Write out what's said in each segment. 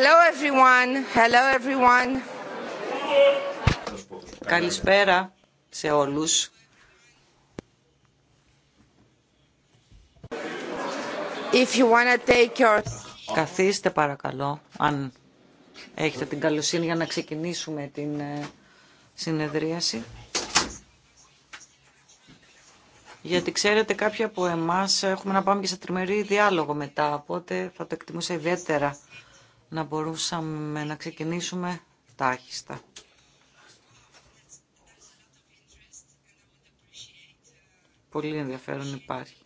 Hello everyone. Hello everyone. Καλησπέρα σε όλους. If you wanna take your... Καθίστε παρακαλώ, αν έχετε την καλοσύνη για να ξεκινήσουμε την ε, συνεδρίαση. Γιατί ξέρετε κάποιοι από εμάς έχουμε να πάμε και σε τριμερή διάλογο μετά, οπότε θα το εκτιμούσα ιδιαίτερα να μπορούσαμε να ξεκινήσουμε τάχιστα. Πολύ ενδιαφέρον υπάρχει.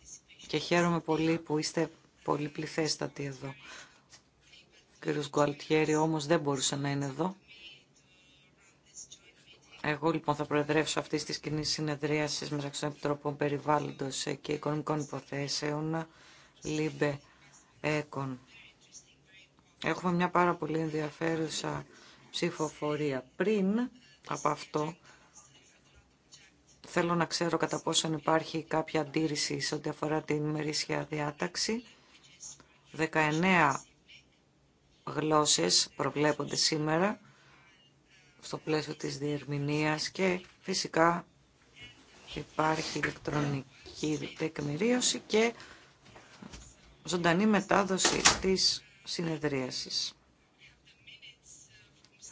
Και χαίρομαι πολύ που είστε πολύ πληθέστατοι εδώ. Ο κύριος Γκουαλτιέρη όμως δεν μπορούσε να είναι εδώ. Εγώ λοιπόν θα προεδρεύσω αυτή τη κοινή συνεδρίαση μεταξύ των Επιτροπών Περιβάλλοντο και Οικονομικών Υποθέσεων, ΛΥΜΠΕ, ΕΚΟΝ. Έχουμε μια πάρα πολύ ενδιαφέρουσα ψηφοφορία. Πριν από αυτό, θέλω να ξέρω κατά πόσον υπάρχει κάποια αντίρρηση σε ό,τι αφορά την ημερήσια διάταξη. 19 γλώσσες προβλέπονται σήμερα στο πλαίσιο της διερμηνίας και φυσικά υπάρχει ηλεκτρονική τεκμηρίωση και ζωντανή μετάδοση της συνεδρίασης.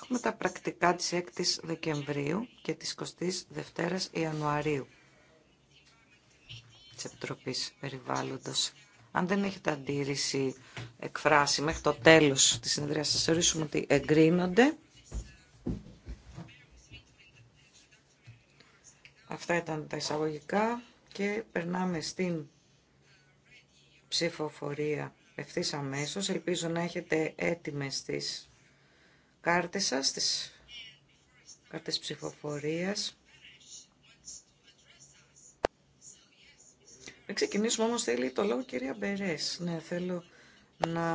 Έχουμε τα πρακτικά της 6ης Δεκεμβρίου και της 22ης Ιανουαρίου της Επιτροπής Περιβάλλοντος. Αν δεν έχετε αντίρρηση εκφράσει μέχρι το τέλος της συνεδρίασης, σας θεωρήσουμε ότι εγκρίνονται. Αυτά ήταν τα εισαγωγικά και περνάμε στην ψηφοφορία ευθύ αμέσω. Ελπίζω να έχετε έτοιμε τι κάρτε σα, τι κάρτε ψηφοφορία. Να ξεκινήσουμε όμως θέλει το λόγο κυρία Μπερές. Ναι, θέλω να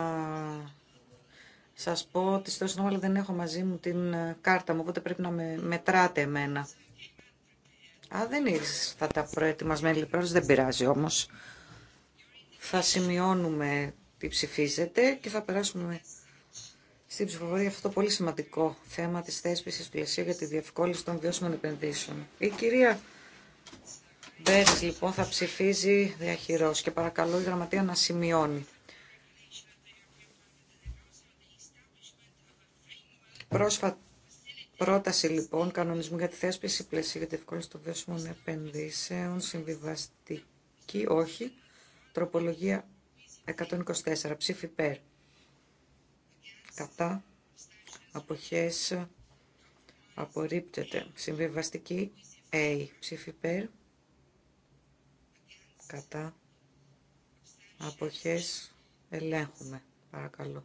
σας πω ότι στο σύνολο δεν έχω μαζί μου την ε, κάρτα μου, οπότε πρέπει να με μετράτε εμένα. Α, δεν ήρθες θα τα προετοιμασμένη, λοιπόν, δεν πειράζει όμως. Θα σημειώνουμε τι ψηφίζεται και θα περάσουμε στην ψηφοφορία για αυτό το πολύ σημαντικό θέμα της θέσπισης πλαισίου για τη διευκόλυνση των βιώσιμων επενδύσεων. Η κυρία Μπέρις λοιπόν θα ψηφίζει διαχειρός και παρακαλώ η γραμματεία να σημειώνει. Πρόσφατα πρόταση λοιπόν κανονισμού για τη θέσπιση πλαισίου για τη διευκόλυνση των βιώσιμων επενδύσεων, συμβιβαστική όχι, τροπολογία 124 ψήφι υπέρ. Κατά αποχές απορρίπτεται. Συμβιβαστική A ψήφι υπέρ. Κατά αποχές ελέγχουμε. Παρακαλώ.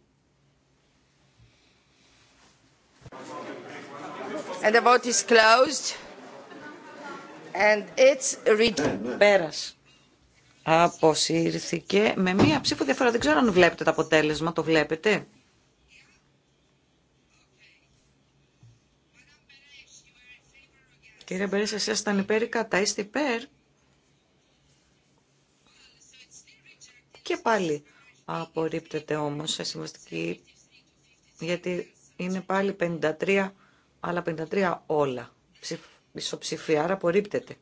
And the vote is closed. And it's ναι, ναι. Πέρας. Αποσύρθηκε με μία ψήφο διαφορά. Δεν ξέρω αν βλέπετε το αποτέλεσμα. Το βλέπετε. Κύριε Μπερή, σας ήταν υπέρ ή κατά. Είστε υπέρ. Και πάλι απορρίπτεται όμως σε συμβαστική, γιατί είναι πάλι 53, αλλά 53 όλα. Ψηφ, ισοψηφία, άρα απορρίπτεται.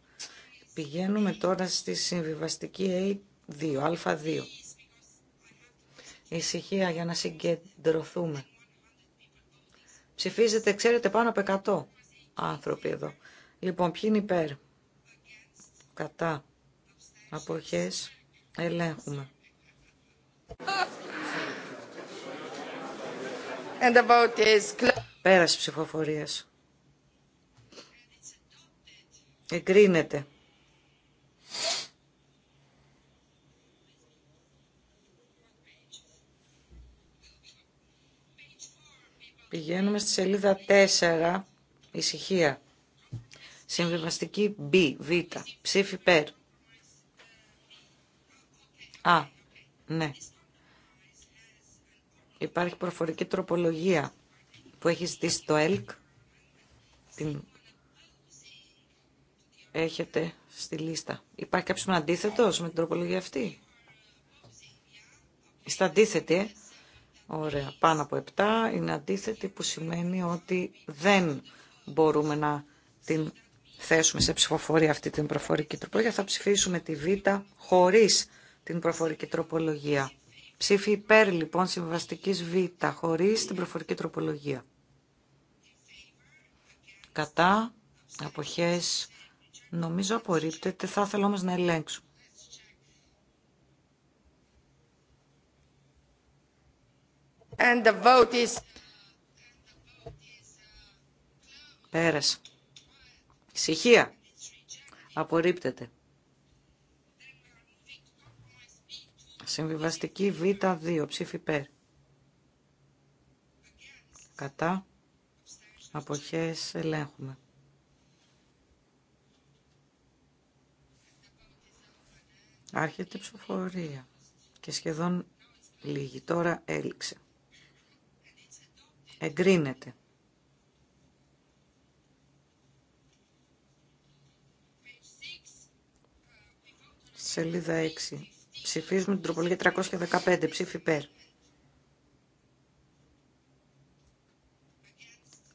Πηγαίνουμε τώρα στη συμβιβαστική A2, α2. Ησυχία για να συγκεντρωθούμε. Ψηφίζετε, ξέρετε, πάνω από 100 άνθρωποι εδώ. Λοιπόν, ποιοι είναι υπέρ. Κατά. Αποχές. Ελέγχουμε. Πέραση about ψηφοφορίας. Εγκρίνεται. Πηγαίνουμε στη σελίδα 4, ησυχία. Συμβιβαστική B, Β, ψήφι περ. Α, ναι. Υπάρχει προφορική τροπολογία που έχει ζητήσει το ΕΛΚ. Την έχετε στη λίστα. Υπάρχει κάποιος που αντίθετος με την τροπολογία αυτή. Είστε αντίθετοι, ε? Ωραία. Πάνω από 7 είναι αντίθετη που σημαίνει ότι δεν μπορούμε να την θέσουμε σε ψηφοφορία αυτή την προφορική τροπολογία. Θα ψηφίσουμε τη Β χωρίς την προφορική τροπολογία. Ψήφι υπέρ λοιπόν συμβαστικής Β χωρίς την προφορική τροπολογία. Κατά, αποχές, νομίζω απορρίπτεται, θα ήθελα όμως να ελέγξουμε. And the vote is... Πέρασε. Ησυχία. Απορρίπτεται. Συμβιβαστική Β2. Ψήφι υπέρ. Κατά. Αποχές ελέγχουμε. Άρχεται η ψηφοφορία και σχεδόν λίγη. Τώρα έληξε. Εγκρίνεται. Σελίδα 6. Ψηφίζουμε την τροπολογία 315. Ψήφι υπέρ.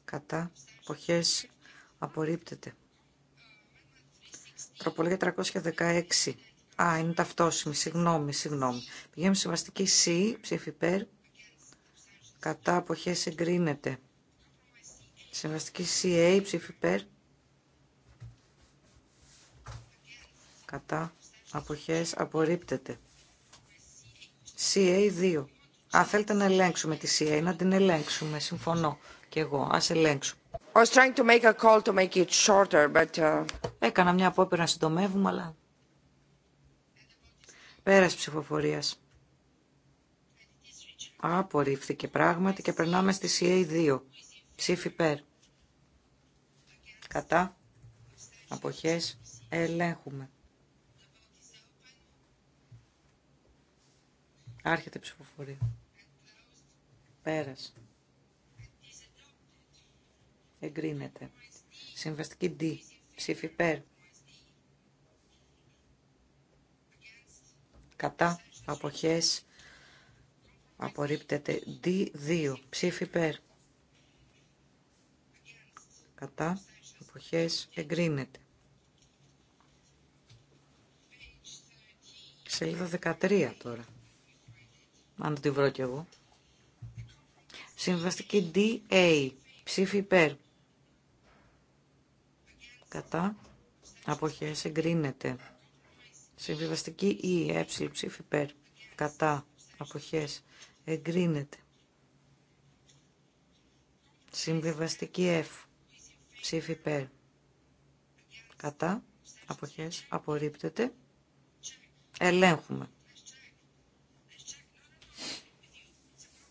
Κατά. Ποχές Απορρίπτεται. Τροπολογία 316. Α, είναι ταυτόσιμη. Συγγνώμη, συγγνώμη. Πηγαίνουμε σε βαστική C, ψήφι υπέρ κατά αποχές εγκρίνεται. Συμβαστική CA, ψήφι υπέρ, κατά αποχές απορρίπτεται. CA2. Α, θέλετε να ελέγξουμε τη CA, να την ελέγξουμε, συμφωνώ και εγώ, ας ελέγξουμε. I Έκανα μια απόπειρα να συντομεύουμε, αλλά... Πέρας ψηφοφορίας. Απορρίφθηκε πράγματι και περνάμε στη CA2. Ψήφι περ. Κατά. Αποχές. Ελέγχουμε. Άρχεται η ψηφοφορία. Πέρασε. Εγκρίνεται. Συμβαστική D. Ψήφι περ. Κατά. Αποχές απορρίπτεται D2 ψήφι υπέρ κατά εποχές εγκρίνεται σελίδα 13 τώρα αν τη βρω κι εγώ συμβαστική DA ψήφι υπέρ κατά αποχές εγκρίνεται συμβιβαστική E ε ψήφι υπέρ κατά αποχές εγκρίνεται. Συμβιβαστική F, ψήφι ΠΕΡ. Κατά, αποχές, απορρίπτεται. Ελέγχουμε.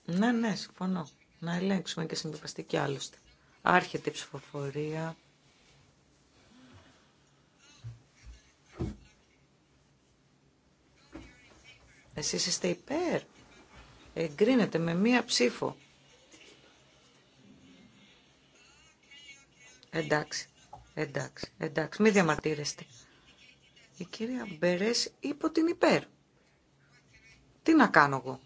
Ναι, ναι, συμφωνώ. Να ελέγξουμε και συμβιβαστική άλλωστε. Άρχεται η ψηφοφορία. Εσείς είστε υπέρ εγκρίνεται με μία ψήφο. Εντάξει, εντάξει, εντάξει, μη διαμαρτύρεστε. Η κυρία Μπερές είπε την υπέρ. Τι να κάνω εγώ.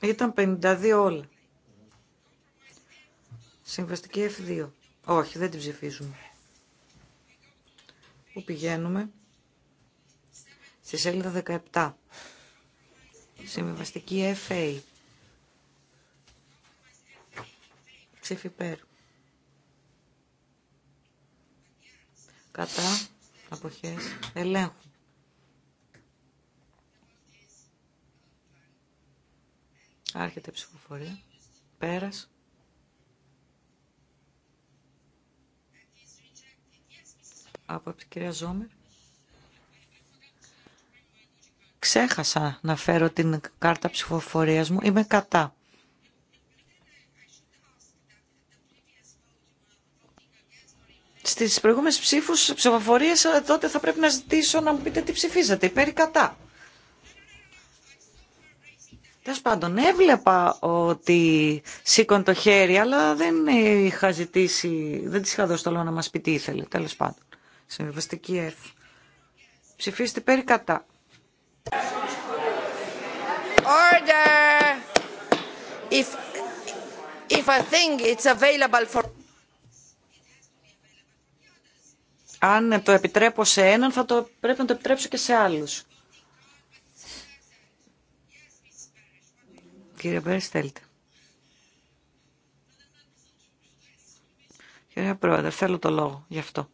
Ήταν 52 όλα. Συμβαστική F2. Όχι, δεν την ψηφίζουμε. Πού πηγαίνουμε στη σελίδα 17. Συμβιβαστική FA. Ψήφι υπέρ. Κατά αποχές ελέγχου. Άρχεται η ψηφοφορία. Πέρας. Από την κυρία Ζόμερ. Ξέχασα να φέρω την κάρτα ψηφοφορίας μου. Είμαι κατά. Στις προηγούμενες ψήφους, ψηφοφορίες, ε, τότε θα πρέπει να ζητήσω να μου πείτε τι ψηφίζετε, υπέρ κατά. Τέλο πάντων, έβλεπα ότι σήκωνε το χέρι, αλλά δεν είχα ζητήσει, δεν τη είχα δώσει το λόγο να μα πει τι ήθελε. Τέλο πάντων. Συμβιβαστική ψηφίζετε Ψηφίστε υπέρ κατά. Order. If, if it's available for... Αν το επιτρέπω σε έναν, θα το πρέπει να το επιτρέψω και σε άλλους. Κύριε Μπέρις, θέλετε. Κύριε Πρόεδρε, θέλω το λόγο γι' αυτό.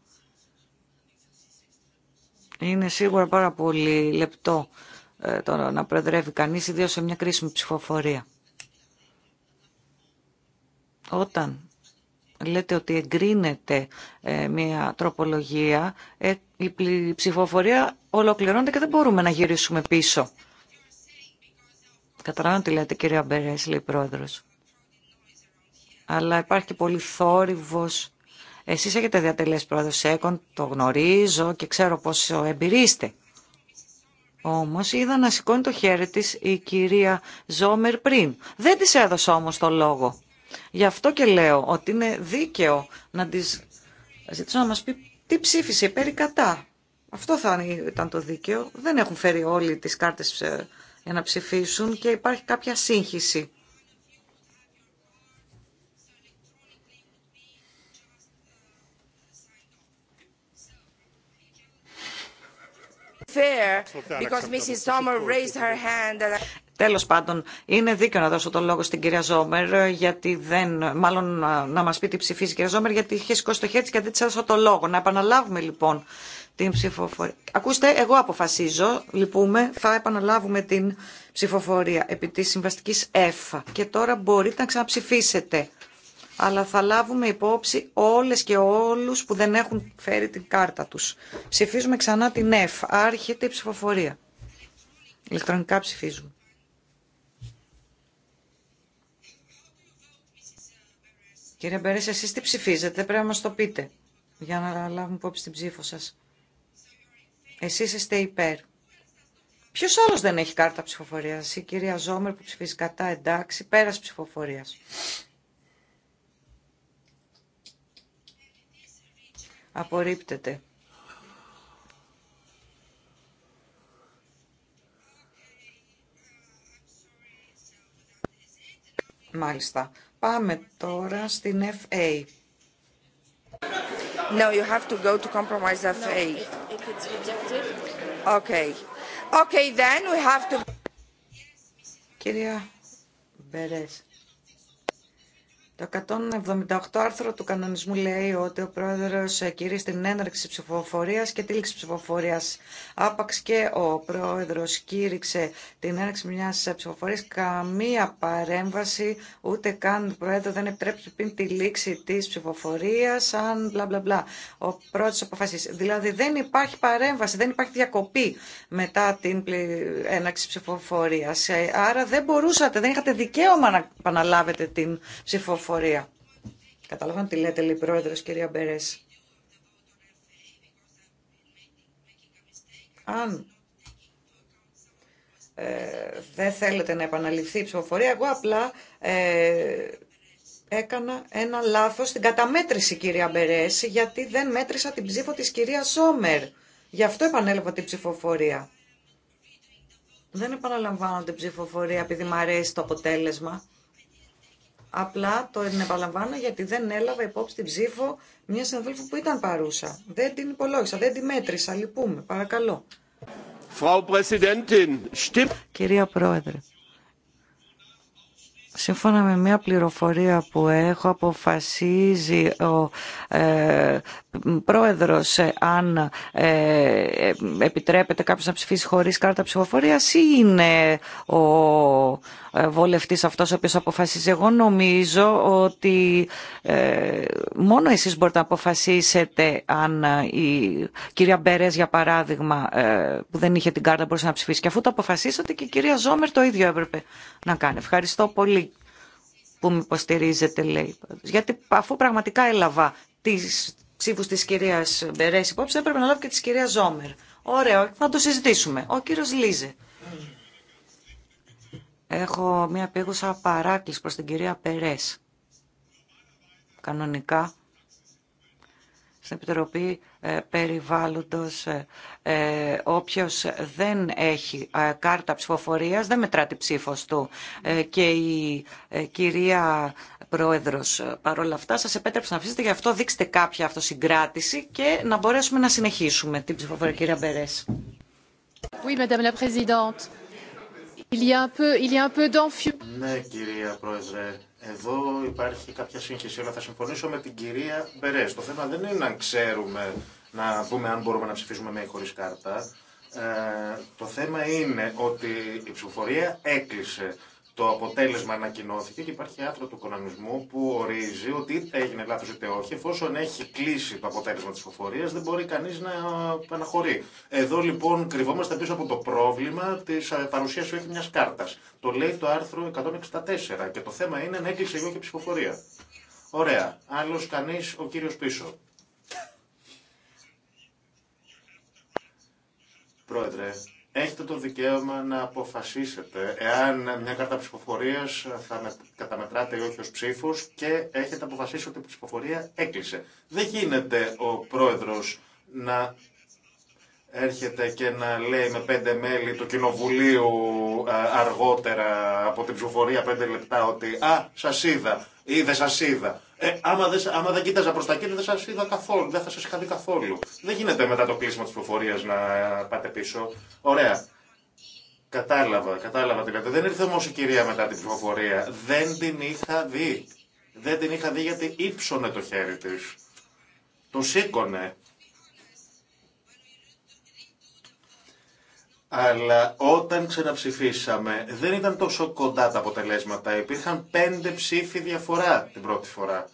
Είναι σίγουρα πάρα πολύ λεπτό ε, το να προεδρεύει κανείς, ιδίως σε μια κρίσιμη ψηφοφορία. Όταν λέτε ότι εγκρίνεται ε, μια τροπολογία, ε, η ψηφοφορία ολοκληρώνεται και δεν μπορούμε να γυρίσουμε πίσω. Καταλαβαίνω τι λέτε κυρία Μπερές, λέει πρόεδρος. Αλλά υπάρχει και πολύ θόρυβος. Εσείς έχετε διατελέσει πρόεδρος Σέκον το γνωρίζω και ξέρω πόσο εμπειρίστε. Όμως είδα να σηκώνει το χέρι της η κυρία Ζόμερ πριν. Δεν της έδωσα όμως το λόγο. Γι' αυτό και λέω ότι είναι δίκαιο να της ζητήσω να μας πει τι ψήφισε υπέρ κατά. Αυτό θα ήταν το δίκαιο. Δεν έχουν φέρει όλοι τις κάρτες ε, για να ψηφίσουν και υπάρχει κάποια σύγχυση. Τέλο Τέλος πάντων, είναι δίκαιο να δώσω το λόγο στην κυρία Ζόμερ, γιατί δεν, μάλλον να μας πει τι ψηφίζει η κυρία Ζόμερ, γιατί είχε σηκώσει το χέρι και δεν της έδωσα το λόγο. Να επαναλάβουμε λοιπόν την ψηφοφορία. Ακούστε, εγώ αποφασίζω, λυπούμε, θα επαναλάβουμε την ψηφοφορία επί της συμβαστικής F. Και τώρα μπορείτε να ξαναψηφίσετε αλλά θα λάβουμε υπόψη όλες και όλους που δεν έχουν φέρει την κάρτα τους. Ψηφίζουμε ξανά την ΕΦ. Άρχεται η ψηφοφορία. Ηλεκτρονικά ψηφίζουμε. Κύριε Μπερές, εσείς τι ψηφίζετε, πρέπει να μας το πείτε, για να λάβουμε υπόψη την ψήφο σας. Εσείς είστε υπέρ. Ποιος άλλος δεν έχει κάρτα ψηφοφορίας, η κυρία Ζόμερ που ψηφίζει κατά, εντάξει, πέρας ψηφοφορίας. Απορρίπτεται. Μάλιστα. Πάμε τώρα στην FA. No, you have to go to compromise FA. No, if it's Okay. Okay, then we have to... Κυρία Μπερές. Το 178 άρθρο του κανονισμού λέει ότι ο πρόεδρος κηρύσσει την έναρξη ψηφοφορίας και τη λήξη ψηφοφορίας. Άπαξ και ο πρόεδρος κήρυξε την έναρξη μιας ψηφοφορίας. Καμία παρέμβαση, ούτε καν ο πρόεδρος δεν επιτρέπει πριν τη λήξη της ψηφοφορίας, αν μπλα μπλα μπλα. Ο πρώτος αποφασίσει. Δηλαδή δεν υπάρχει παρέμβαση, δεν υπάρχει διακοπή μετά την έναρξη ψηφοφορίας. Ε, άρα δεν μπορούσατε, δεν είχατε δικαίωμα να επαναλάβετε την ψηφοφορία ψηφοφορία. Καταλαβαίνω τι λέτε, λέει πρόεδρο, κυρία Μπερές. Αν ε, δεν θέλετε να επαναληφθεί η ψηφοφορία, εγώ απλά ε, έκανα ένα λάθος στην καταμέτρηση, κυρία Μπερές, γιατί δεν μέτρησα την ψήφο της κυρία Σόμερ. Γι' αυτό επανέλαβα την ψηφοφορία. Δεν επαναλαμβάνω την ψηφοφορία επειδή μου αρέσει το αποτέλεσμα. Απλά το επαναλαμβάνω γιατί δεν έλαβα υπόψη την ψήφο μια συναδέλφου που ήταν παρούσα. Δεν την υπολόγισα, δεν την μέτρησα. Λυπούμε, παρακαλώ. Κυρία Πρόεδρε, σύμφωνα με μια πληροφορία που έχω, αποφασίζει ο ε, πρόεδρος ε, αν ε, ε, επιτρέπεται κάποιος να ψηφίσει χωρίς κάρτα ψηφοφορίας ή είναι ο ε, βολευτής αυτός ο οποίος αποφασίζει. Εγώ νομίζω ότι ε, μόνο εσείς μπορείτε να αποφασίσετε αν ε, η κυρία Μπερές για παράδειγμα που δεν είχε την κάρτα μπορούσε να ψηφίσει και αφού το αποφασίσατε και η κυρία Ζόμερ το ίδιο έπρεπε να κάνει. Ευχαριστώ πολύ που με υποστηρίζετε λέει. Γιατί αφού πραγματικά έλαβα τις ψήφους της κυρίας Μπερές υπόψη έπρεπε να λάβω και της κυρία Ζόμερ. Ωραίο, θα το συζητήσουμε. Ο κύριος Λίζε έχω μια πήγουσα παράκληση προς την κυρία Περές. Κανονικά, στην Επιτροπή ε, Περιβάλλοντος, ε, ε, όποιος δεν έχει κάρτα ψηφοφορίας δεν μετρά τη ψήφος του. Και η κυρία Πρόεδρος, παρόλα αυτά, σας επέτρεψε να αφήσετε, γι' αυτό δείξτε κάποια αυτοσυγκράτηση και να μπορέσουμε να συνεχίσουμε την ψηφοφορία, κυρία Περές. Ναι, κυρία Πρόεδρε, εδώ υπάρχει κάποια σύγχυση, αλλά θα συμφωνήσω με την κυρία Μπερέ. Το θέμα δεν είναι να ξέρουμε, να δούμε αν μπορούμε να ψηφίσουμε με ή χωρί κάρτα. Ε, το θέμα είναι ότι η ψηφοφορία έκλεισε το αποτέλεσμα ανακοινώθηκε και υπάρχει άρθρο του οικονομισμού που ορίζει ότι είτε έγινε λάθο είτε όχι, εφόσον έχει κλείσει το αποτέλεσμα τη ψηφοφορία, δεν μπορεί κανεί να αναχωρεί. Εδώ λοιπόν κρυβόμαστε πίσω από το πρόβλημα τη ε, παρουσίαση όχι μια κάρτα. Το λέει το άρθρο 164 και το θέμα είναι να έκλεισε ή και ψηφοφορία. Ωραία. Άλλο κανεί, ο κύριο πίσω. Πρόεδρε, έχετε το δικαίωμα να αποφασίσετε εάν μια κάρτα ψηφοφορία θα καταμετράτε ή όχι ω ψήφο και έχετε αποφασίσει ότι η ψηφοφορία έκλεισε. Δεν γίνεται ο πρόεδρο να έρχεται και να λέει με πέντε μέλη του Κοινοβουλίου ε, αργότερα από την ψηφοφορία πέντε λεπτά ότι «Α, σας είδα» ή «Δεν σας είδα». Ε, άμα, δεν, σας ειδα αμα δεν κοίταζα προ τα κέντρα, δεν σα είδα καθόλου. Δεν θα σα είχα δει καθόλου. Δεν γίνεται μετά το κλείσιμο της ψηφοφορίας να πάτε πίσω. Ωραία. Κατάλαβα, κατάλαβα τι λέτε. Δεν ήρθε όμω η κυρία μετά την ψηφοφορία. Δεν την είχα δει. Δεν την είχα δει γιατί ύψωνε το χέρι τη. Το σήκωνε. Αλλά όταν ξαναψηφίσαμε δεν ήταν τόσο κοντά τα αποτελέσματα. Υπήρχαν πέντε ψήφοι διαφορά την πρώτη φορά.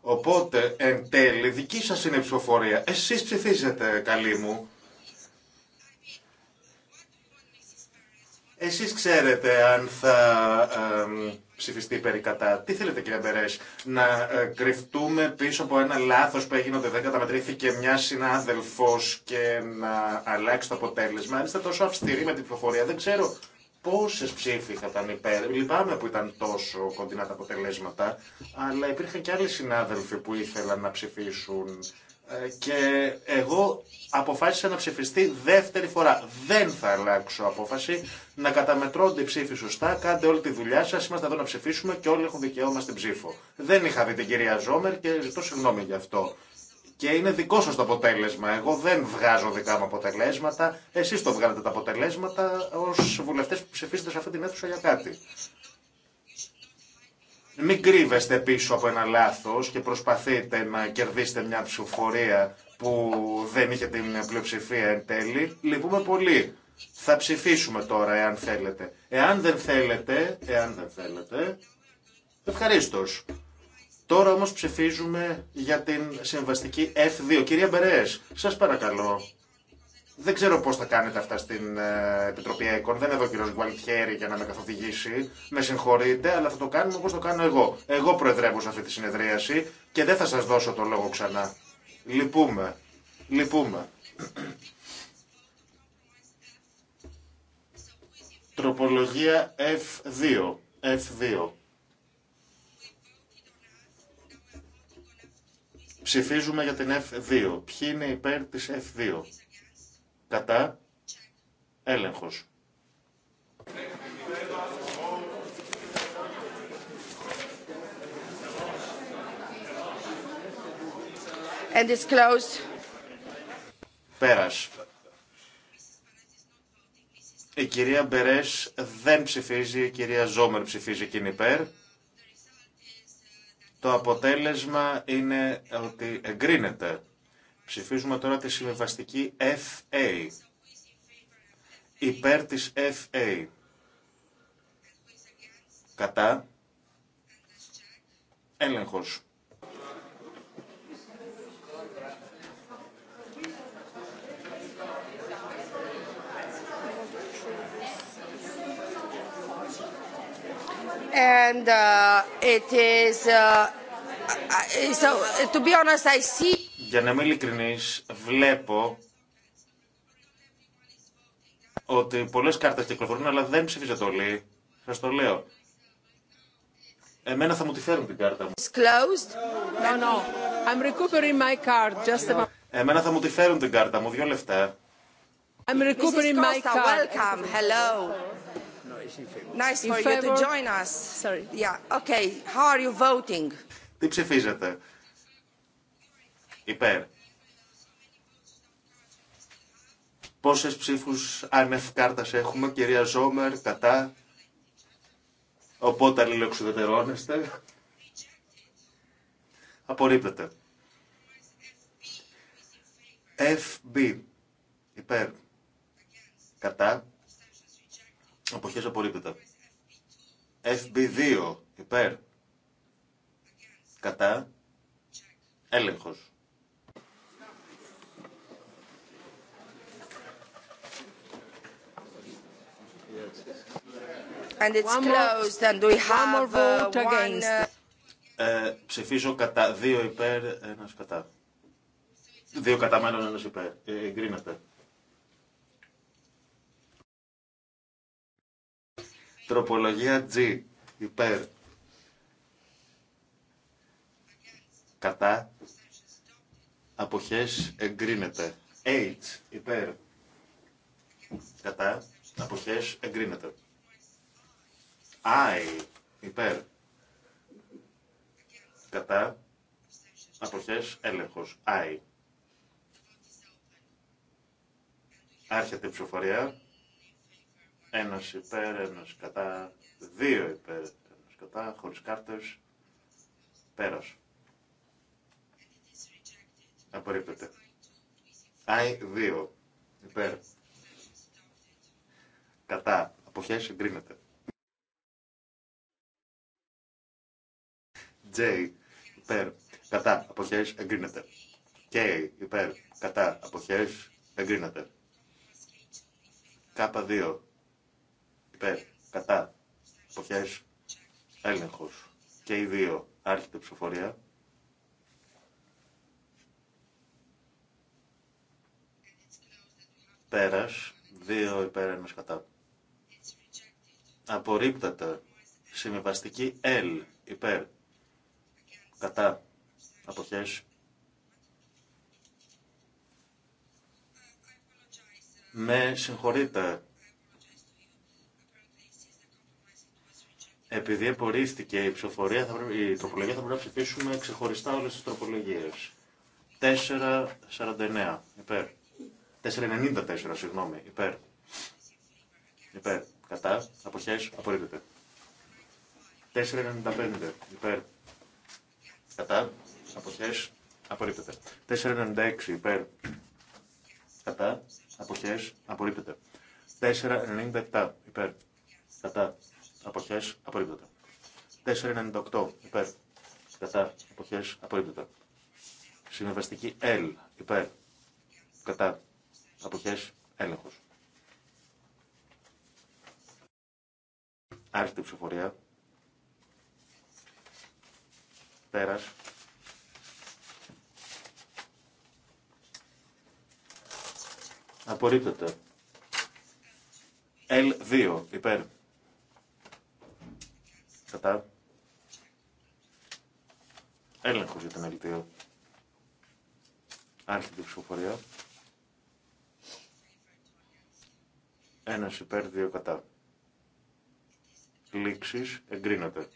Οπότε εν τέλει δική σα είναι η ψηφοφορία. Εσείς ψηφίζετε καλή μου. Εσείς ξέρετε αν θα ψηφιστεί περί κατά. Τι θέλετε κύριε Μπερέ, να ε, κρυφτούμε πίσω από ένα λάθο που έγινε ότι δεν καταμετρήθηκε μια συνάδελφο και να αλλάξει το αποτέλεσμα. είστε τόσο αυστηροί με την προφορία. δεν ξέρω πόσε ψήφοι θα ήταν υπέρ. Λυπάμαι που ήταν τόσο κοντινά τα αποτελέσματα, αλλά υπήρχαν και άλλοι συνάδελφοι που ήθελαν να ψηφίσουν ε, και εγώ αποφάσισα να ψηφιστεί δεύτερη φορά. Δεν θα αλλάξω απόφαση. Να καταμετρώνται οι ψήφοι σωστά, κάντε όλη τη δουλειά σα. Είμαστε εδώ να ψηφίσουμε και όλοι έχουν δικαίωμα στην ψήφο. Δεν είχα δει την κυρία Ζόμερ και ζητώ συγγνώμη γι' αυτό. Και είναι δικό σα το αποτέλεσμα. Εγώ δεν βγάζω δικά μου αποτελέσματα. Εσεί το βγάλετε τα αποτελέσματα ω βουλευτέ που ψηφίσετε σε αυτή την αίθουσα για κάτι. Μην κρύβεστε πίσω από ένα λάθος και προσπαθείτε να κερδίσετε μια ψηφοφορία που δεν είχε την πλειοψηφία εν τέλει. Λυπούμε πολύ. Θα ψηφίσουμε τώρα, εάν θέλετε. Εάν δεν θέλετε, εάν δεν θέλετε, ευχαρίστω. Τώρα όμως ψηφίζουμε για την συμβαστική F2. Κυρία Μπερές, σας παρακαλώ. Δεν ξέρω πώ θα κάνετε αυτά στην ε, Επιτροπή ΕΚΟΝ. Δεν είναι εδώ ο κύριο Γουαλτιέρη για να με καθοδηγήσει. Με συγχωρείτε, αλλά θα το κάνουμε όπω το κάνω εγώ. Εγώ προεδρεύω σε αυτή τη συνεδρίαση και δεν θα σα δώσω το λόγο ξανά. Λυπούμε. Λυπούμε. Τροπολογία F2. F2. Ψηφίζουμε για την F2. Ποιοι είναι υπέρ της F2. Κατά. Έλεγχος. And it's Πέρας. Η κυρία Μπερές δεν ψηφίζει, η κυρία Ζόμερ ψηφίζει εκείνη υπέρ. Το αποτέλεσμα είναι ότι εγκρίνεται. Ψηφίζουμε τώρα τη συμβιβαστική FA. Υπέρ της FA. Κατά. Έλεγχος. And uh, it is, uh, so to be honest, I see για να είμαι ειλικρινής, βλέπω ότι πολλές κάρτες κυκλοφορούν, αλλά δεν ψηφίζετε όλοι. Σας το λέω. Εμένα θα μου τη φέρουν την κάρτα μου. No, no. I'm recovering my card. Just Εμένα θα μου τη φέρουν την κάρτα μου, δύο λεφτά. I'm recovering my card. Welcome. Hello. Nice for you to join us. Sorry. Yeah. Okay. How are you voting? Τι ψηφίζετε. Υπέρ. Πόσες ψήφους ανεφ κάρτας έχουμε, κυρία Ζόμερ, κατά. Οπότε αλληλεξουδετερώνεστε. Απορρίπτεται. FB. Υπέρ. Κατά. Αποχές απορρίπτεται. FB2. Υπέρ. Κατά. Έλεγχος. And it's closed and we have uh, vote against. Uh, ε, ψηφίζω κατά δύο υπέρ, ένας κατά. Δύο κατά μάλλον, ένας υπέρ. Ε, εγκρίνεται. Τροπολογία G. Υπέρ. Κατά. Αποχές εγκρίνεται. H. Υπέρ. Κατά. Αποχές εγκρίνεται. Άι, υπέρ. Κατά. Αποχές έλεγχος. Άι. Άρχεται η ψηφοφορία. Ένας υπέρ, ένας κατά. Δύο υπέρ, ένας κατά. Χωρίς κάρτες. Πέρας. Απορρίπτεται. Άι, δύο. Υπέρ. Κατά. Αποχές εγκρίνεται. J. Υπέρ. Κατά. Αποχές εγκρίνεται. K. Υπέρ. Κατά. Αποχές εγκρίνεται. K2. Υπέρ. Κατά. Αποχές έλεγχος. k 2 Άρχεται ψηφοφορία. Πέρας. Δύο υπέρ ένας κατά. Απορρίπτατα. Συμβιβαστική L. Υπέρ. Κατά. Αποχές. Με συγχωρείτε. Επειδή απορρίφθηκε η ψηφοφορία, θα η τροπολογία θα πρέπει να ψηφίσουμε ξεχωριστά όλες τις τροπολογίες. 4.49, υπέρ. 4.94, συγγνώμη, υπέρ. Υπέρ. Κατά. Αποχές. Απορρίπτεται. 4,95 υπέρ. Κατά. Αποχές. Απορρίπτεται. 4,96 υπέρ. Κατά. Αποχές. Απορρίπτεται. 4,97 υπέρ. Κατά. Αποχές. Απορρίπτεται. 4,98 υπέρ. Κατά. Αποχές. Απορρίπτεται. Συμβαστική L υπέρ. Κατά. Αποχές. Έλεγχος. άριστη ψηφοφορία. Πέρας. Απορρίπτεται. L2 υπέρ. Κατά. Έλεγχο για την L2. ψηφοφορία. Ένα υπέρ, δύο κατά λήξης εγκρίνεται.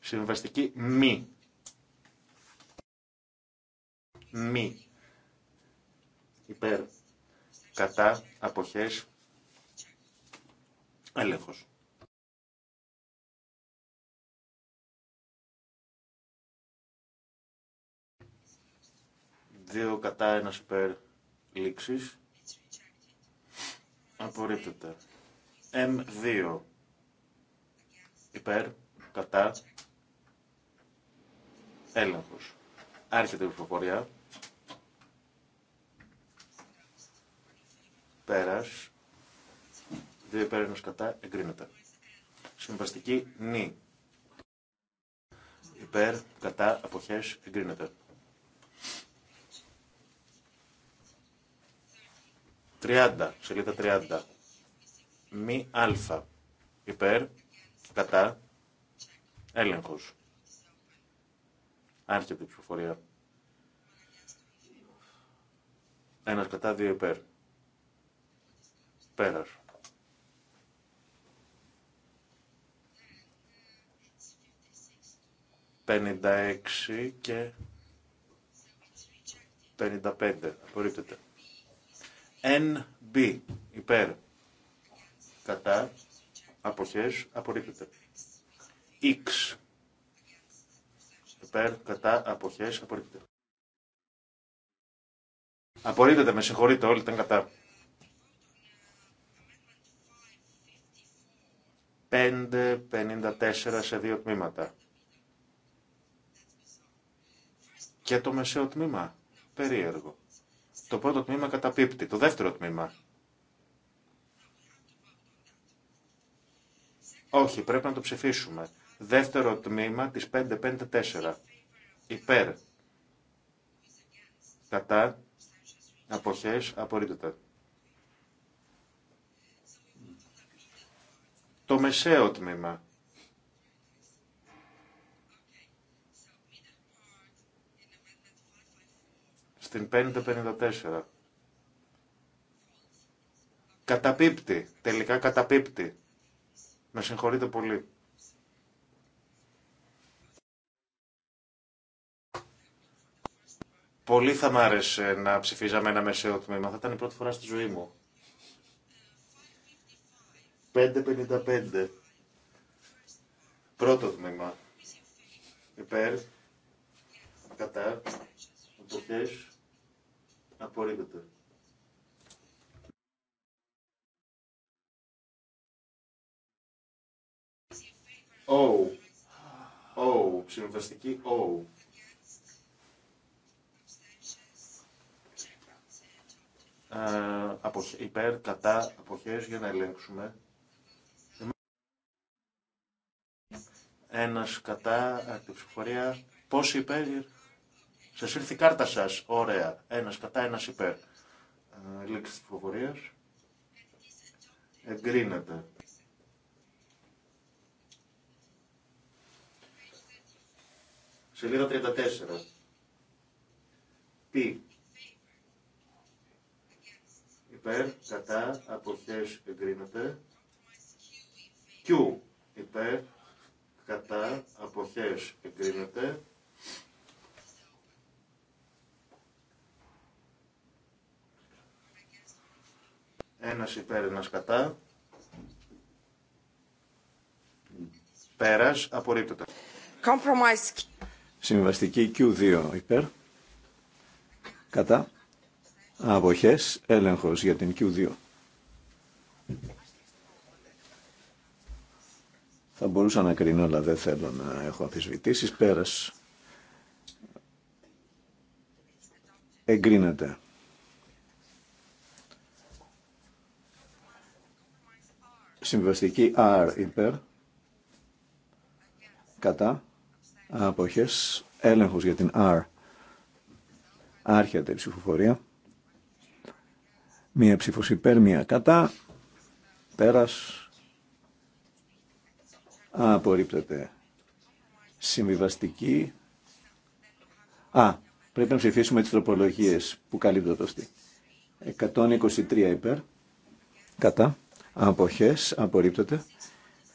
Συμβαστική μη. Μη. Υπέρ. Κατά. Αποχές. Έλεγχος. Δύο κατά ένας υπέρ λήξης. Απορρίπτεται. M2. Υπέρ. Κατά. Έλεγχος. Άρχεται η ψηφοφορία. Πέρας. Δύο υπέρ ένας κατά. Εγκρίνεται. Συμβαστική νη. Υπέρ. Κατά. Αποχές. Εγκρίνεται. 30, σελίδα 30. Μη α. Υπέρ, κατά, έλεγχος. Άρχεται την ψηφοφορία. Ένας κατά, δύο υπέρ. Πέρας. Πενήντα έξι και πενήντα πέντε. Απορρίπτεται. NB. Υπέρ. Κατά. Αποχές. Απορρίπτεται. X. Υπέρ. Κατά. Αποχές. Απορρίπτεται. Απορρίπτεται. Με συγχωρείτε. Όλοι ήταν κατά. 5.54 σε δύο τμήματα. Και το μεσαίο τμήμα. Περίεργο. Το πρώτο τμήμα καταπίπτει. Το δεύτερο τμήμα. Όχι, πρέπει να το ψηφίσουμε. Δεύτερο τμήμα της 554. Υπέρ. Κατά. Αποχές. Απορρίπτεται. Το μεσαίο τμήμα. στην 554. Καταπίπτει, τελικά καταπίπτει. Με συγχωρείτε πολύ. Πολύ θα μ' άρεσε να ψηφίζαμε ένα μεσαίο τμήμα. Θα ήταν η πρώτη φορά στη ζωή μου. 5.55. Πρώτο τμήμα. Υπέρ. Κατά. Εποχές. Απορρίπτεται. Ω. Ω. Συμβαστική Ό. Ε, υπέρ, κατά, αποχές για να ελέγξουμε. Ένας κατά, ακτιψηφορία. Ε, Πόσοι υπέρ, Σα ήρθε η κάρτα σα. Ωραία. Ένα κατά, ένα υπέρ. Ε, λήξη τη ψηφοφορία. Εγκρίνεται. Σελίδα 34. Πι. Υπέρ, κατά, αποχές εγκρίνεται. Κιού. Υπέρ, κατά, αποχές εγκρίνεται. Ένας υπέρ, ένας κατά. Πέρας, απορρίπτεται. Συμβαστική Q2 υπέρ. Κατά. Αποχές, έλεγχος για την Q2. Θα μπορούσα να κρίνω, αλλά δεν θέλω να έχω αμφισβητήσεις. Πέρας. Εγκρίνεται. Συμβιβαστική R υπέρ. Κατά. Αποχές. Έλεγχος για την R. Άρχεται η ψηφοφορία. Μία ψήφος υπέρ, μία κατά. Πέρας. Απορρίπτεται. Συμβιβαστική. Α, πρέπει να ψηφίσουμε τις τροπολογίες που καλύπτονται αυτή. 123 υπέρ. Κατά αποχές απορρίπτεται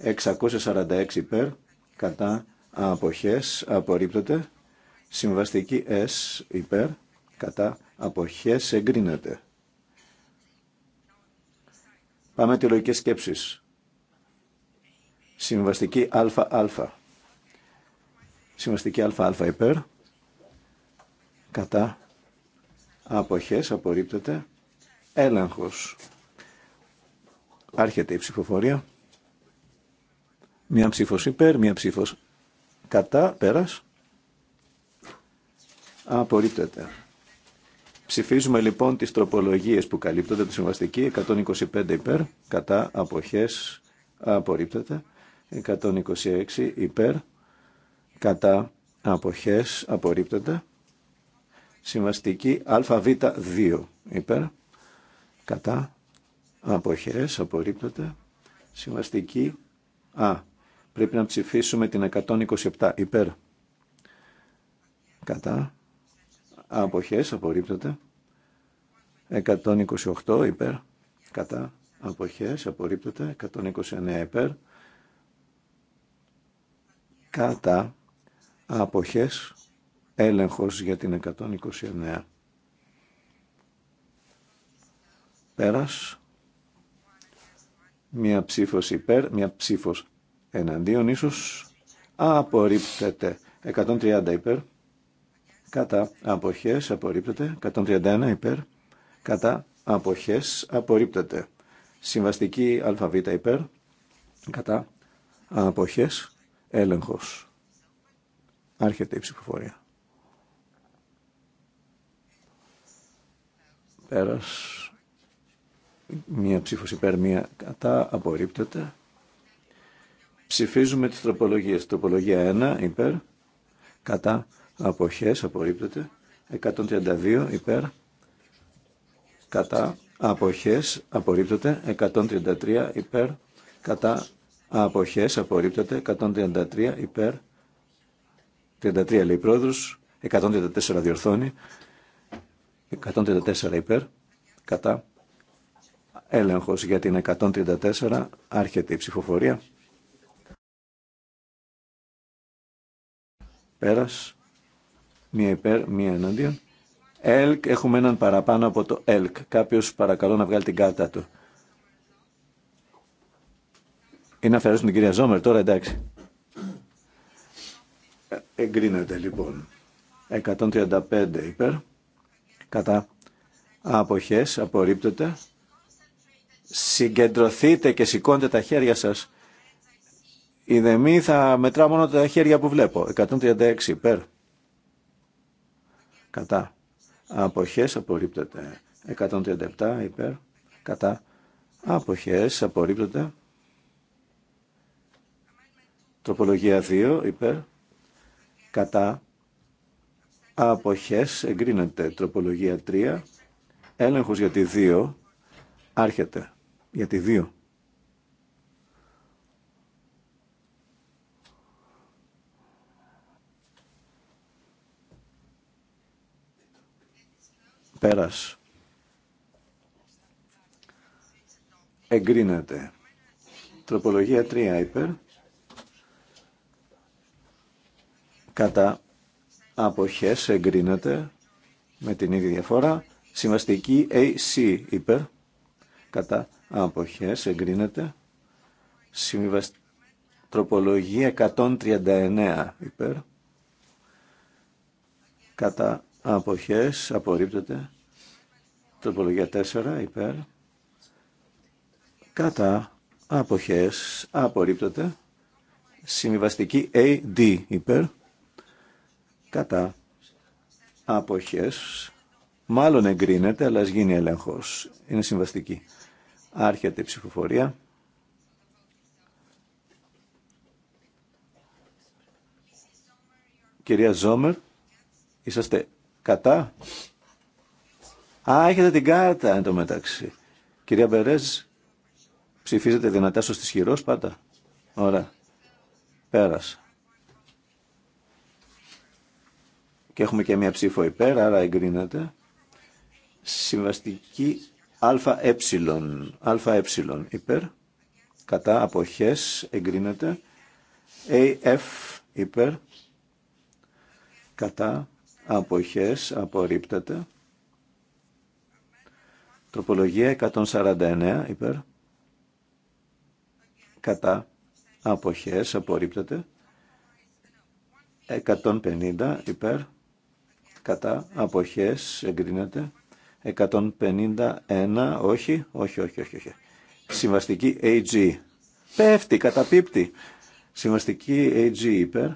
646 υπέρ κατά αποχές απορρίπτεται συμβαστική S υπέρ κατά αποχές εγκρίνεται Πάμε τη λογική σκέψεις. Συμβαστική ΑΑ. Συμβαστική ΑΑ υπέρ. Κατά. Αποχές απορρίπτεται. Έλεγχος. Άρχεται η ψηφοφορία. Μία ψήφος υπέρ, μία ψήφος κατά, πέρας. Απορρίπτεται. Ψηφίζουμε λοιπόν τις τροπολογίες που καλύπτονται από τη συμβαστική. 125 υπέρ, κατά, αποχές, απορρίπτεται. 126 υπέρ, κατά, αποχές, απορρίπτεται. Συμβαστική αβ2 υπέρ, κατά, Αποχές Απορρίπτωται. Συμβαστική. Α, πρέπει να ψηφίσουμε την 127 υπέρ. Κατά. Αποχές Απορρίπτωται. 128 υπέρ. Κατά. Αποχές Απορρίπτωται. 129 υπέρ. Κατά. Αποχές. Έλεγχος για την 129. Πέρας. Μία ψήφος υπέρ, μία ψήφος εναντίον ίσως. Απορρίπτεται. 130 υπέρ. Κατά αποχές απορρίπτεται. 131 υπέρ. Κατά αποχές απορρίπτεται. Συμβαστική αλφαβήτα υπέρ. Κατά αποχές έλεγχος. Άρχεται η ψηφοφορία. Πέρας. Μία ψήφο υπέρ, μία κατά, απορρίπτεται. Ψηφίζουμε τις τροπολογίες. Τροπολογία 1 υπέρ, κατά, αποχές, απορρίπτεται. 132 υπέρ, κατά, αποχές, απορρίπτεται. 133 υπέρ, κατά, αποχές, απορρίπτεται. 133 υπέρ, 33 λέει πρόεδρος, 134 διορθώνει, 134 υπέρ, κατά, Έλεγχος για την 134. Άρχεται η ψηφοφορία. Πέρας. Μία υπέρ, μία εναντίον. ΕΛΚ, έχουμε έναν παραπάνω από το ΕΛΚ. Κάποιος παρακαλώ να βγάλει την κάρτα του. Είναι αφαιρέσουν την κυρία Ζόμερ τώρα, εντάξει. Ε, εγκρίνεται λοιπόν. 135 υπέρ. Κατά. Αποχές, απορρίπτεται. Συγκεντρωθείτε και σηκώνετε τα χέρια σας. Η δεμή θα μετρά μόνο τα χέρια που βλέπω. 136 υπέρ. Κατά. Αποχές απορρίπτεται. 137 υπέρ. Κατά. Αποχές απορρίπτεται. Τροπολογία 2 υπέρ. Κατά. Αποχές εγκρίνεται. Τροπολογία 3. Έλεγχος για τη 2 άρχεται γιατί δύο. Πέρας. Εγκρίνεται. Τροπολογία 3 υπέρ. Κατά αποχές εγκρίνεται με την ίδια διαφορά. Συμβαστική AC υπέρ. Κατά αποχές εγκρίνεται. Συμβιβασ... Τροπολογία 139 υπέρ. Κατά αποχές απορρίπτεται. Τροπολογία 4 υπέρ. Κατά αποχές απορρίπτεται. Συμβιβαστική AD υπέρ. Κατά αποχές μάλλον εγκρίνεται αλλά ας γίνει ελέγχος. Είναι συμβαστική. Άρχεται η ψηφοφορία. Κυρία Ζόμερ, είσαστε κατά. Α, έχετε την κάρτα εν τω μεταξύ. Κυρία Μπερέζ, ψηφίζετε δυνατά στο χειρό. πάντα. Ωραία. Πέρασα. Και έχουμε και μία ψήφο υπέρ, άρα εγκρίνεται. Συμβαστική ΑΕ, υπέρ, κατά αποχές εγκρίνεται, AF ε, υπέρ, κατά αποχές απορρίπτεται, τροπολογία 149 υπέρ, κατά αποχές απορρίπτεται, 150 υπέρ, κατά αποχές εγκρίνεται, 151, όχι, όχι, όχι, όχι, όχι. Συμβαστική AG. Πέφτει, καταπίπτει. Συμβαστική AG υπέρ.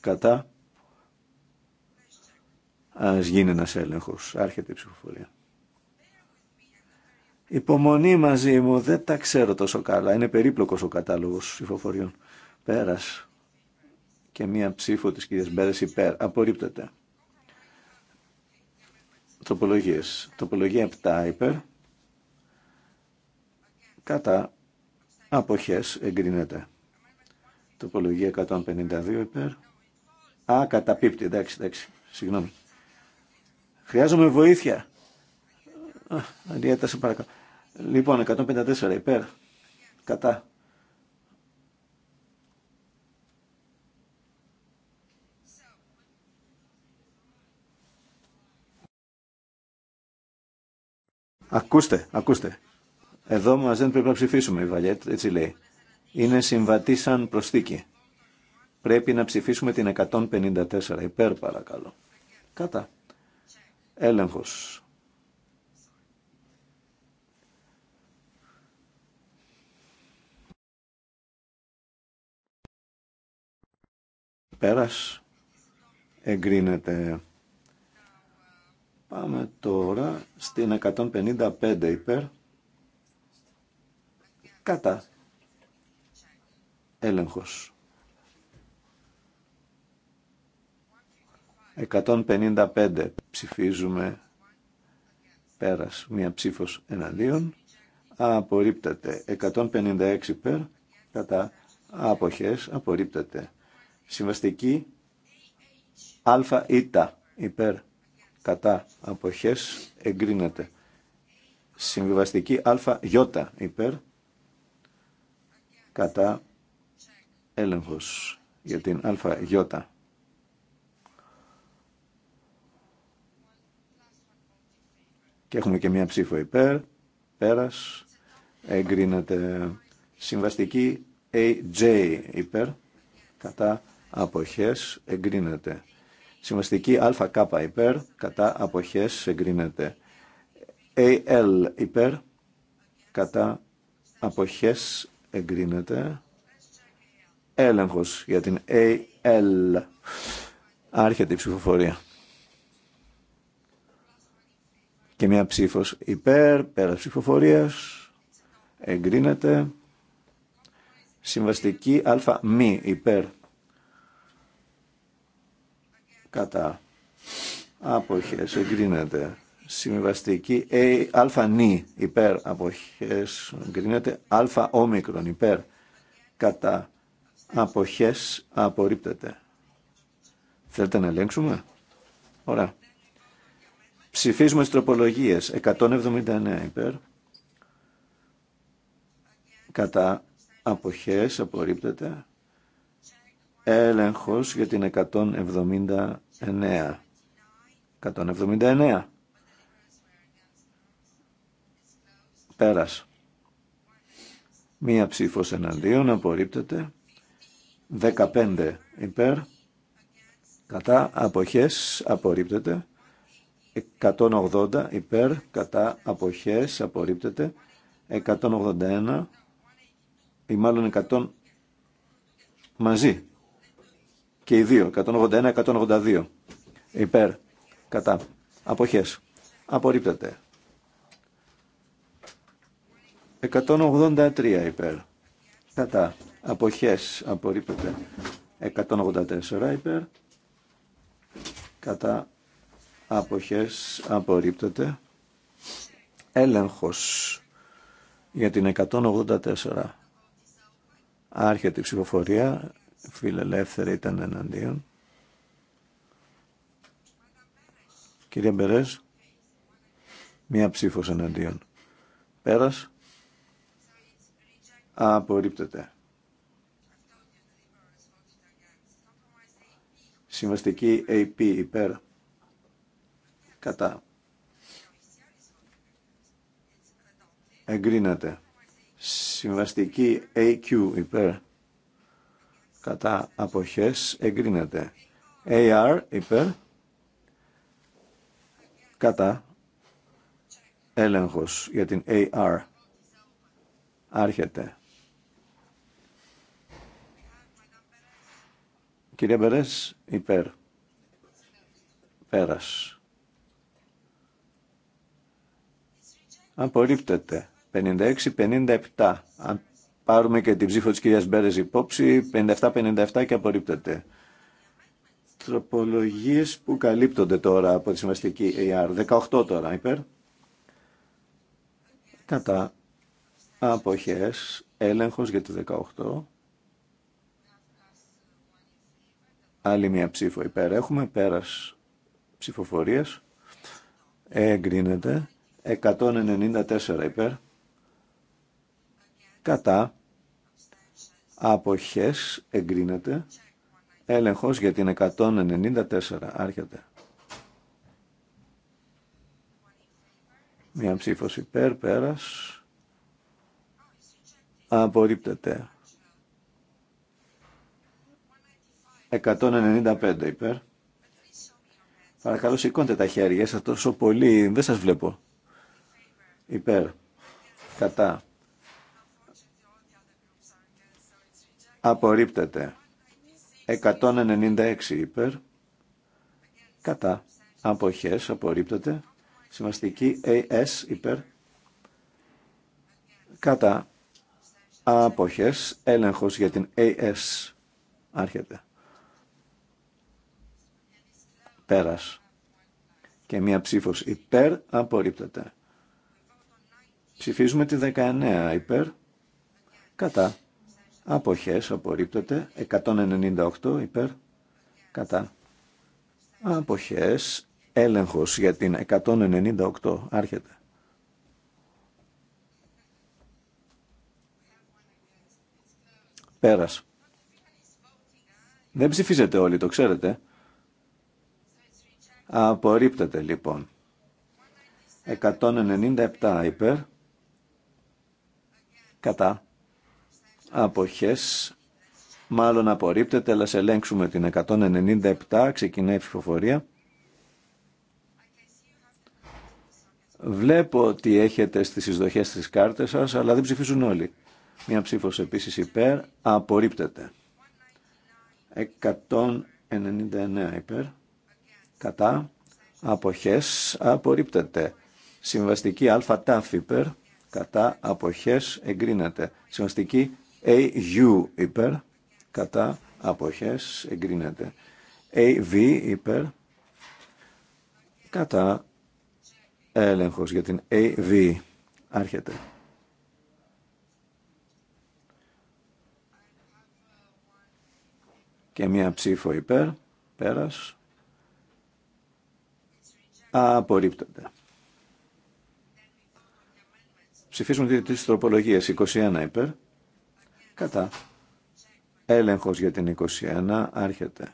Κατά. Ας γίνει ένας έλεγχος. Άρχεται η ψηφοφορία. Υπομονή μαζί μου, δεν τα ξέρω τόσο καλά. Είναι περίπλοκος ο κατάλογος ψηφοφοριών. Πέρας και μία ψήφο της κυρίας Μπέρες υπέρ. Απορρίπτεται. Τοπολογίες. Τοπολογία 7 υπέρ. Κατά αποχές εγκρίνεται. Τοπολογία 152 υπέρ. Α, καταπίπτει. Εντάξει, εντάξει. Συγγνώμη. Χρειάζομαι βοήθεια. Α, σε παρακαλώ. Λοιπόν, 154 υπέρ. Κατά. Ακούστε, ακούστε. Εδώ μας δεν πρέπει να ψηφίσουμε, η Βαλιέτ, έτσι λέει. Είναι συμβατή σαν προσθήκη. Πρέπει να ψηφίσουμε την 154. Υπέρ παρακαλώ. Κατά. Έλεγχος. Πέρας. Εγκρίνεται. Πάμε τώρα στην 155 υπέρ. Κατά. Έλεγχος. 155 ψηφίζουμε πέρας μία ψήφος εναντίον. Απορρίπτεται. 156 υπέρ. Κατά. Αποχές. Απορρίπτεται. Συμβαστική. Α Ήτα. υπέρ κατά αποχές εγκρίνεται. Συμβιβαστική ΑΙ υπέρ κατά έλεγχος για την ΑΙ. Και έχουμε και μία ψήφο υπέρ, πέρας, εγκρίνεται συμβαστική AJ υπέρ, κατά αποχές εγκρίνεται. Συμβαστική ΑΚ υπέρ, κατά αποχές εγκρίνεται. AL ε, υπέρ, κατά αποχές εγκρίνεται. Έλεγχος για την AL. Ε, Άρχεται η ψηφοφορία. Και μια ψήφος υπέρ, πέρα ψηφοφορίας, εγκρίνεται. Συμβαστική ΑΜΗ υπέρ κατά αποχές εγκρίνεται συμβαστική, ΑΝ υπέρ αποχές εγκρίνεται α όμικρον υπέρ κατά αποχές απορρίπτεται θέλετε να ελέγξουμε ωραία ψηφίζουμε στις τροπολογίες 179 υπέρ κατά αποχές απορρίπτεται Έλεγχος για την 179. 179. Πέρας. Μία ψήφος εναντίον απορρίπτεται. 15 υπέρ. Κατά αποχές απορρίπτεται. 180 υπέρ. Κατά αποχές απορρίπτεται. 181 ή μάλλον 100 μαζί και οι δύο, 181-182 υπέρ, κατά, αποχές, απορρίπτεται. 183 υπέρ, κατά, αποχές, απορρίπτεται. 184 υπέρ, κατά, αποχές, απορρίπτεται. Έλεγχος για την 184. Άρχεται η ψηφοφορία φιλελεύθεροι ήταν εναντίον. Κυρία Μπερές, μία ψήφος εναντίον. Πέρας, απορρίπτεται. Συμβαστική AP υπέρ. Κατά. Εγκρίνατε. Συμβαστική AQ υπέρ κατά αποχές εγκρίνεται. AR υπέρ κατά έλεγχος για την AR άρχεται. Κυρία Μπερές, υπέρ. Πέρας. Απορρίπτεται. 56-57 πάρουμε και την ψήφο της κυρίας Μπέρες υπόψη, 57-57 και απορρίπτεται. Τροπολογίες που καλύπτονται τώρα από τη συμβαστική AR. 18 τώρα, υπέρ. Κατά αποχές, έλεγχος για το 18. Άλλη μια ψήφο υπέρ έχουμε, πέρας ψηφοφορίας. Εγκρίνεται. 194 υπέρ κατά αποχές εγκρίνεται έλεγχος για την 194 άρχεται μια ψήφος υπέρ πέρας απορρίπτεται 195 υπέρ παρακαλώ σηκώντε τα χέρια σας τόσο πολύ δεν σας βλέπω υπέρ κατά απορρίπτεται. 196 υπέρ, κατά, αποχές, απορρίπτεται. σημαστική AS υπέρ, κατά, αποχές, έλεγχος για την AS άρχεται. Πέρας. Και μία ψήφος υπέρ απορρίπτεται. Ψηφίζουμε τη 19 υπέρ, κατά, Αποχές απορρίπτεται. 198 υπέρ. Κατά. Αποχές. Έλεγχος για την 198. Άρχεται. Πέρας. Δεν ψηφίζετε όλοι, το ξέρετε. Απορρίπτεται λοιπόν. 197 υπέρ. Κατά αποχές μάλλον απορρίπτεται αλλά ελέγξουμε την 197 ξεκινάει η ψηφοφορία βλέπω ότι έχετε στις εισδοχές της κάρτες σας αλλά δεν ψηφίζουν όλοι μια ψήφος επίσης υπέρ απορρίπτεται 199 υπέρ κατά αποχές απορρίπτεται συμβαστική αλφα υπέρ κατά αποχές εγκρίνεται συμβαστική AU υπέρ κατά αποχές εγκρίνεται. AV υπέρ κατά έλεγχος για την AV άρχεται. Και μία ψήφο υπέρ, πέρας, απορρίπτονται. Ψηφίσουν τις τροπολογίες 21 υπέρ, κατά. Έλεγχος για την 21 άρχεται.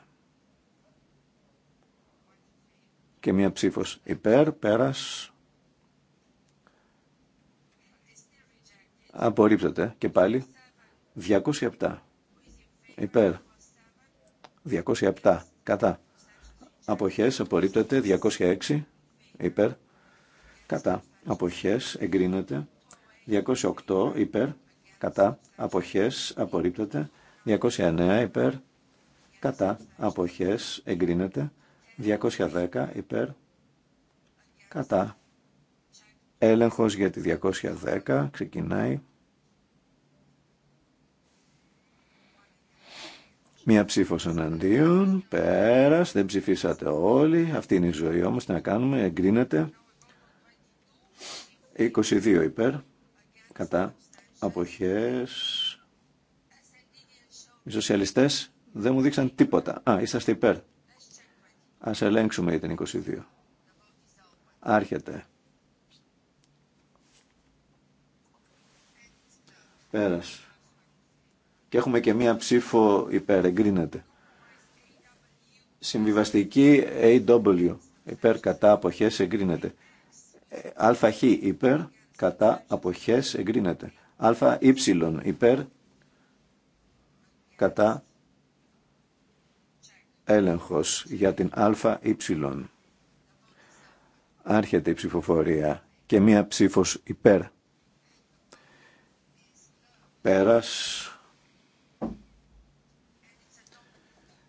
Και μία ψήφος υπέρ, πέρας. Απορρίπτεται και πάλι 207 υπέρ. 207 κατά. Αποχές απορρίπτεται 206 υπέρ. Κατά. Αποχές εγκρίνεται 208 υπέρ κατά αποχές απορρίπτεται 209 υπέρ κατά αποχές εγκρίνεται 210 υπέρ κατά έλεγχος για τη 210 ξεκινάει Μία ψήφος εναντίον, πέρας, δεν ψηφίσατε όλοι, αυτή είναι η ζωή όμως, να κάνουμε, εγκρίνεται. 22 υπέρ, κατά, αποχές, οι σοσιαλιστές δεν μου δείξαν τίποτα. Α, είσαστε υπέρ. Ας ελέγξουμε για την 22. Άρχεται. Πέρας. Και έχουμε και μία ψήφο υπέρ, εγκρίνεται. Συμβιβαστική AW, υπέρ κατά αποχές εγκρίνεται. Ε, ΑΧ υπέρ κατά αποχές εγκρίνεται α υπέρ κατά έλεγχος για την α ή άρχεται ψηφοφορία και μία ψήφος υπέρ πέρας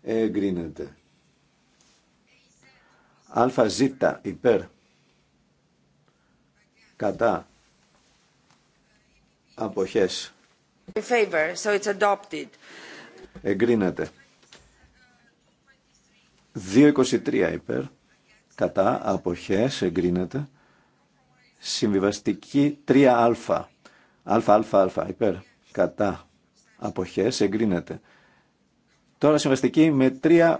εγκρίνεται ΑΖ υπέρ κατά αποχές. In favor, so it's adopted. Εγκρίνεται. 2.23 υπέρ, κατά, αποχές, εγκρίνεται. Συμβιβαστική 3α, α υπέρ, κατά, αποχές, εγκρίνεται. Τώρα συμβαστική με 3β,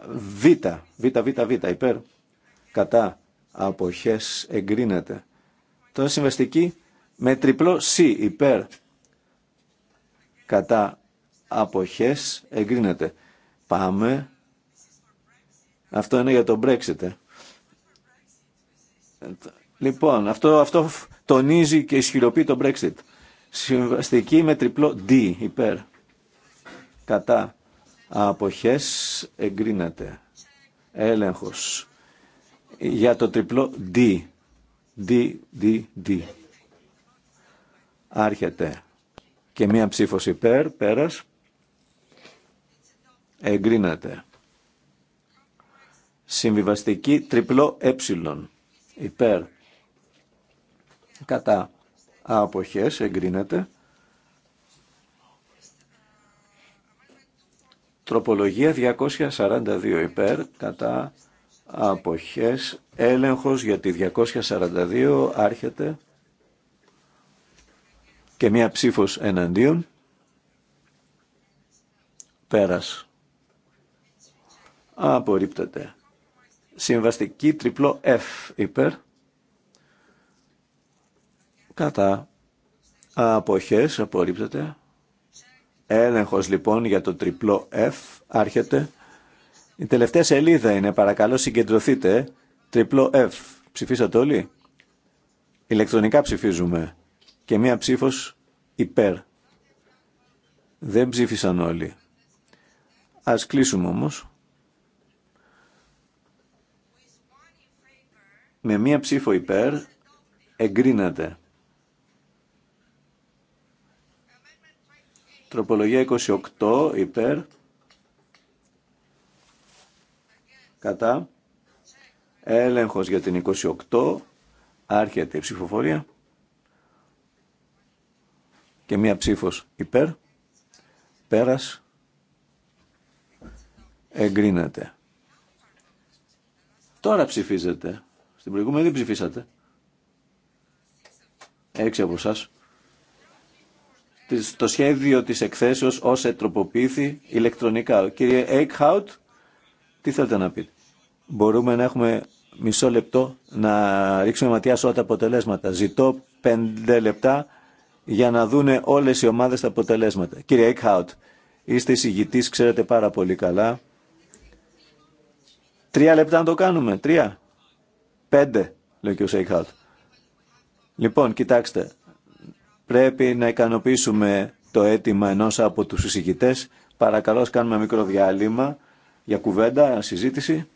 β υπέρ, κατά, αποχές, εγκρίνεται. Τώρα συμβαστική με τριπλό C υπέρ, κατά αποχές εγκρίνεται. Πάμε. Αυτό είναι για το Brexit. Ε. Λοιπόν, αυτό, αυτό τονίζει και ισχυροποιεί το Brexit. Συμβαστική με τριπλό D υπέρ. Κατά αποχές εγκρίνεται. Έλεγχος. Για το τριπλό D. D, D, D. Άρχεται και μία ψήφος υπέρ, πέρας, εγκρίνεται. Συμβιβαστική τριπλό ε, υπέρ, κατά αποχές, εγκρίνεται. Τροπολογία 242 υπέρ, κατά αποχές, έλεγχος για τη 242 άρχεται και μία ψήφος εναντίον. Πέρας. Απορρίπτεται. Συμβαστική τριπλό F υπέρ. Κατά. Αποχές απορρίπτεται. Έλεγχος λοιπόν για το τριπλό F άρχεται. Η τελευταία σελίδα είναι παρακαλώ συγκεντρωθείτε. Τριπλό F. Ψηφίσατε όλοι. Ηλεκτρονικά ψηφίζουμε και μία ψήφος υπέρ. Δεν ψήφισαν όλοι. Ας κλείσουμε όμως. Με μία ψήφο υπέρ εγκρίνεται. Τροπολογία 28 υπέρ. Κατά. Έλεγχος για την 28. Άρχεται η ψηφοφορία και μία ψήφος υπέρ, πέρας, εγκρίνεται. Τώρα ψηφίζετε. Στην προηγούμενη δεν ψηφίσατε. Έξι από εσάς. Το σχέδιο της εκθέσεως ως ετροποποιήθη ηλεκτρονικά. Κύριε Eichhout, τι θέλετε να πείτε. Μπορούμε να έχουμε μισό λεπτό να ρίξουμε ματιά σε όλα τα αποτελέσματα. Ζητώ πέντε λεπτά για να δούνε όλες οι ομάδες τα αποτελέσματα. Κύριε Έκχαουτ, είστε εισηγητής, ξέρετε πάρα πολύ καλά. Τρία λεπτά να το κάνουμε, τρία. Πέντε, λέει και ο Σέικχαουτ. Λοιπόν, κοιτάξτε, πρέπει να ικανοποιήσουμε το αίτημα ενός από τους εισηγητές. Παρακαλώ, κάνουμε μικρό διάλειμμα για κουβέντα, συζήτηση.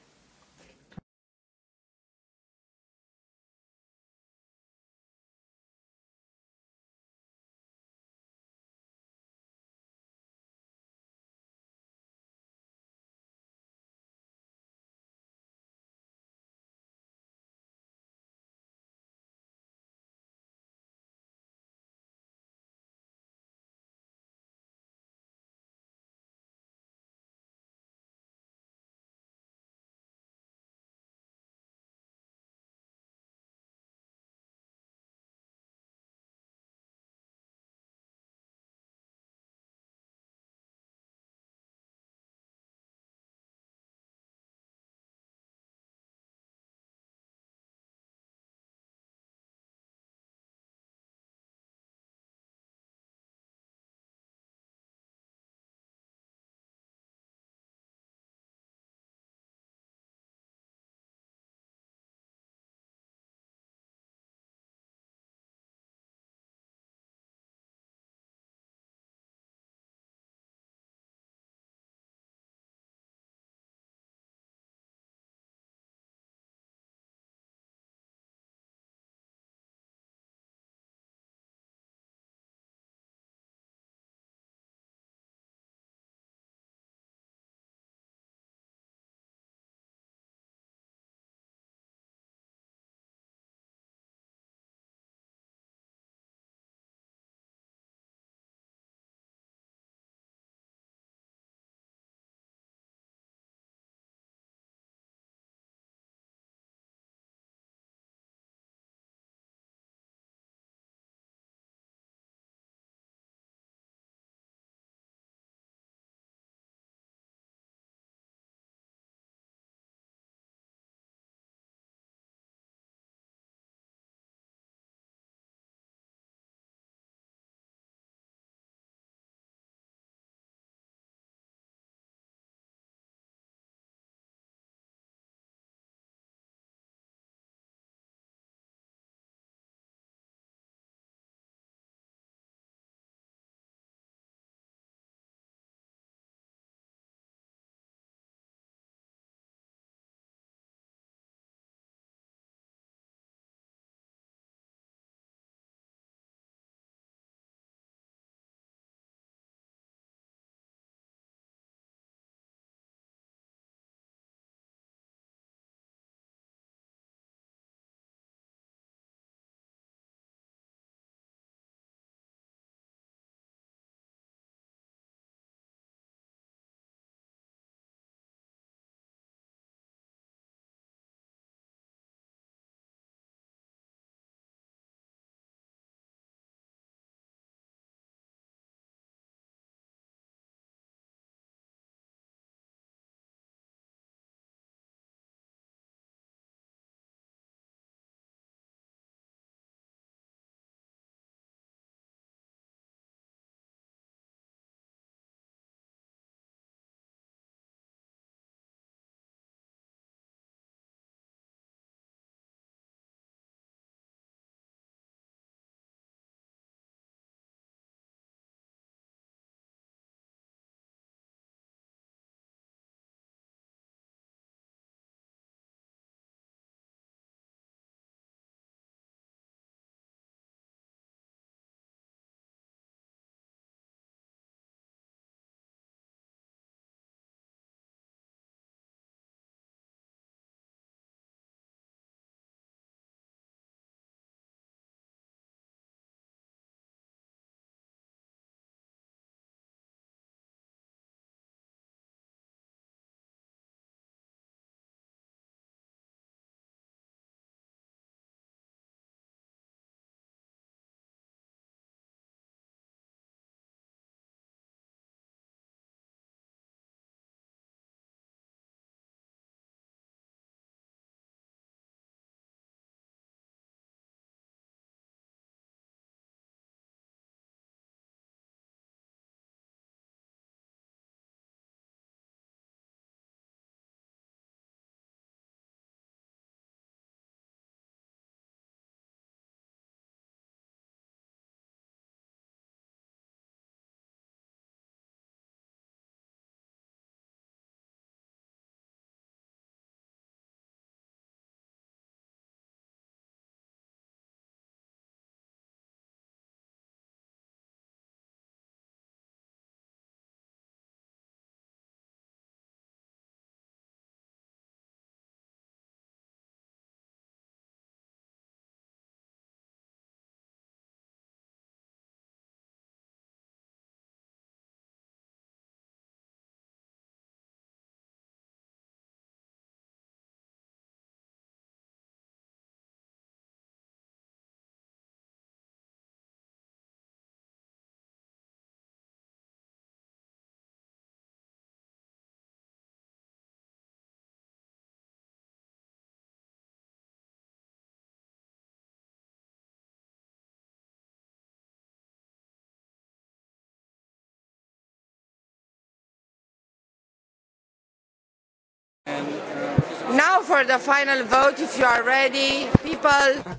Now for the final vote, if you are ready, people.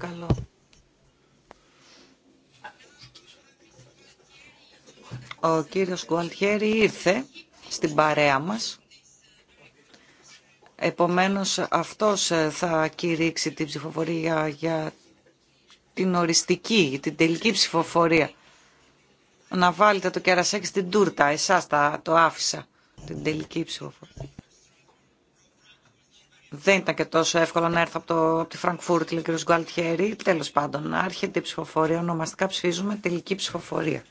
Ο κύριος Κουαλτιέρη ήρθε στην παρέα μας. Επομένως, αυτός ε, θα κηρύξει την ψηφοφορία για την οριστική, την τελική ψηφοφορία. Να βάλετε το κερασάκι στην τούρτα, εσάς το άφησα, την τελική ψηφοφορία δεν ήταν και τόσο εύκολο να έρθω από, το, από τη Φραγκφούρτη, λέει ο κ. Γκουαλτιέρη. Τέλο πάντων, άρχεται η ψηφοφορία. Ονομαστικά ψηφίζουμε τελική ψηφοφορία.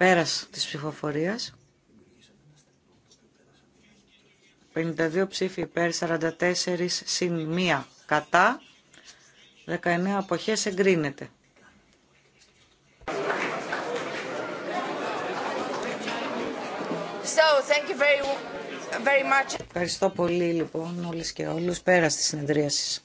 Πέρας τη ψηφοφορία. 52 ψήφοι υπέρ, 44 συν 1 κατά. 19 αποχές εγκρίνεται. So, thank you very, very much. Ευχαριστώ πολύ λοιπόν όλες και όλους πέρα στη συνεδρίαση.